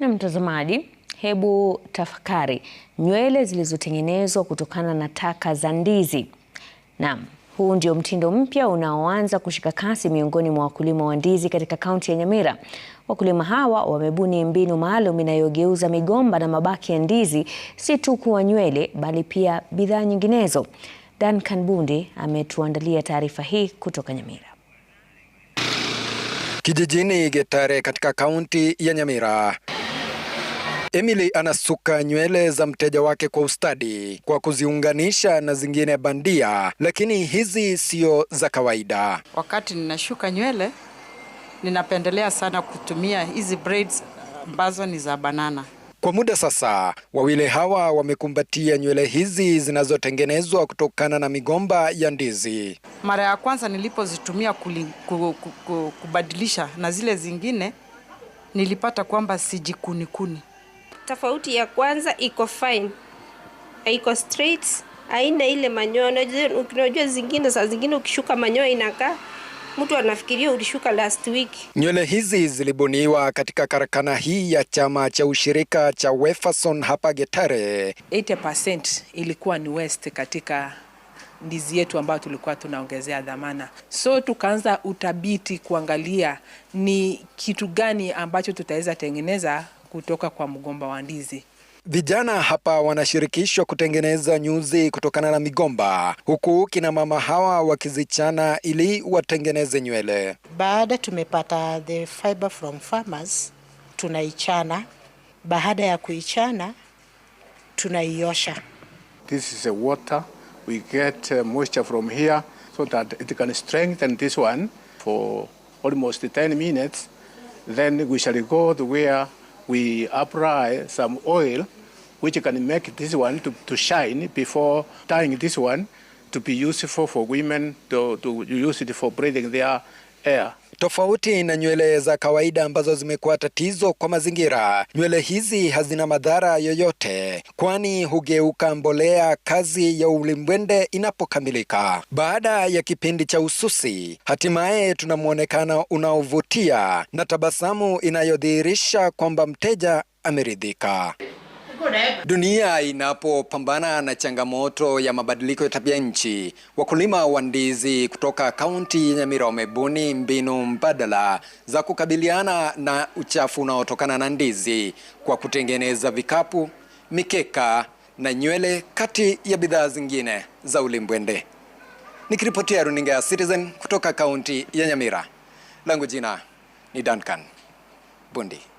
Na mtazamaji, hebu tafakari nywele zilizotengenezwa kutokana na taka za ndizi. Naam, huu ndio mtindo mpya unaoanza kushika kasi miongoni mwa wakulima wa ndizi katika kaunti ya Nyamira. Wakulima hawa wamebuni mbinu maalum inayogeuza migomba na mabaki ya ndizi si tu kuwa nywele bali pia bidhaa nyinginezo. Duncan Bundi ametuandalia taarifa hii kutoka Nyamira kijijini Getare katika kaunti ya Nyamira. Emily anasuka nywele za mteja wake kwa ustadi kwa kuziunganisha na zingine bandia, lakini hizi sio za kawaida. Wakati ninashuka nywele, ninapendelea sana kutumia hizi braids ambazo ni za banana. Kwa muda sasa, wawili hawa wamekumbatia nywele hizi zinazotengenezwa kutokana na migomba ya ndizi. Mara ya kwanza nilipozitumia kubadilisha na zile zingine, nilipata kwamba sijikunikuni. Tofauti ya kwanza iko fine, iko straight, haina ile manyoya. Unajua zingine, saa zingine ukishuka manyoya inakaa mtu anafikiria ulishuka last week. Nywele hizi zilibuniwa katika karakana hii ya chama cha ushirika cha Weferson hapa Getare. 80% ilikuwa ni west katika ndizi yetu ambayo tulikuwa tunaongezea dhamana, so tukaanza utabiti kuangalia ni kitu gani ambacho tutaweza tengeneza kutoka kwa mgomba wa ndizi. Vijana hapa wanashirikishwa kutengeneza nyuzi kutokana na migomba, huku kina mama hawa wakizichana ili watengeneze nywele. Baada tumepata the fiber from farmers, tunaichana. Baada ya kuichana, tunaiosha. This is a water we get uh, moisture from here so that it can strengthen this one for almost 10 minutes then we shall go to where we apply some oil which can make this one to, to shine before tying this one to be useful for women to, to use it for breathing their air. Tofauti na nywele za kawaida ambazo zimekuwa tatizo kwa mazingira, nywele hizi hazina madhara yoyote, kwani hugeuka mbolea kazi ya ulimbwende inapokamilika. Baada ya kipindi cha ususi, hatimaye tuna mwonekano unaovutia na tabasamu inayodhihirisha kwamba mteja ameridhika. Dunia inapopambana na changamoto ya mabadiliko ya tabia nchi, wakulima wa ndizi kutoka kaunti ya Nyamira wamebuni mbinu mbadala za kukabiliana na uchafu unaotokana na ndizi kwa kutengeneza vikapu, mikeka na nywele kati ya bidhaa zingine za ulimbwende. Nikiripotia runinga ya Citizen kutoka kaunti ya Nyamira, langu jina ni Duncan Bundi.